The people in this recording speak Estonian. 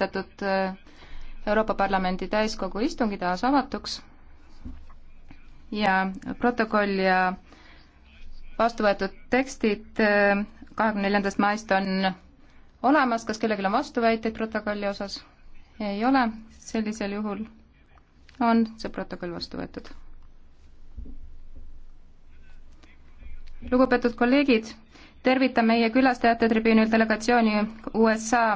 kuulutatud äh, Euroopa Parlamendi täiskogu istungi taas avatuks ja protokoll ja vastu võetud tekstid äh, kahekümne neljandast maist on olemas, kas kellelgi on vastuväiteid protokolli osas? ei ole, sellisel juhul on see protokoll vastu võetud. lugupeetud kolleegid, tervitan meie külastajate tribüünil delegatsiooni USA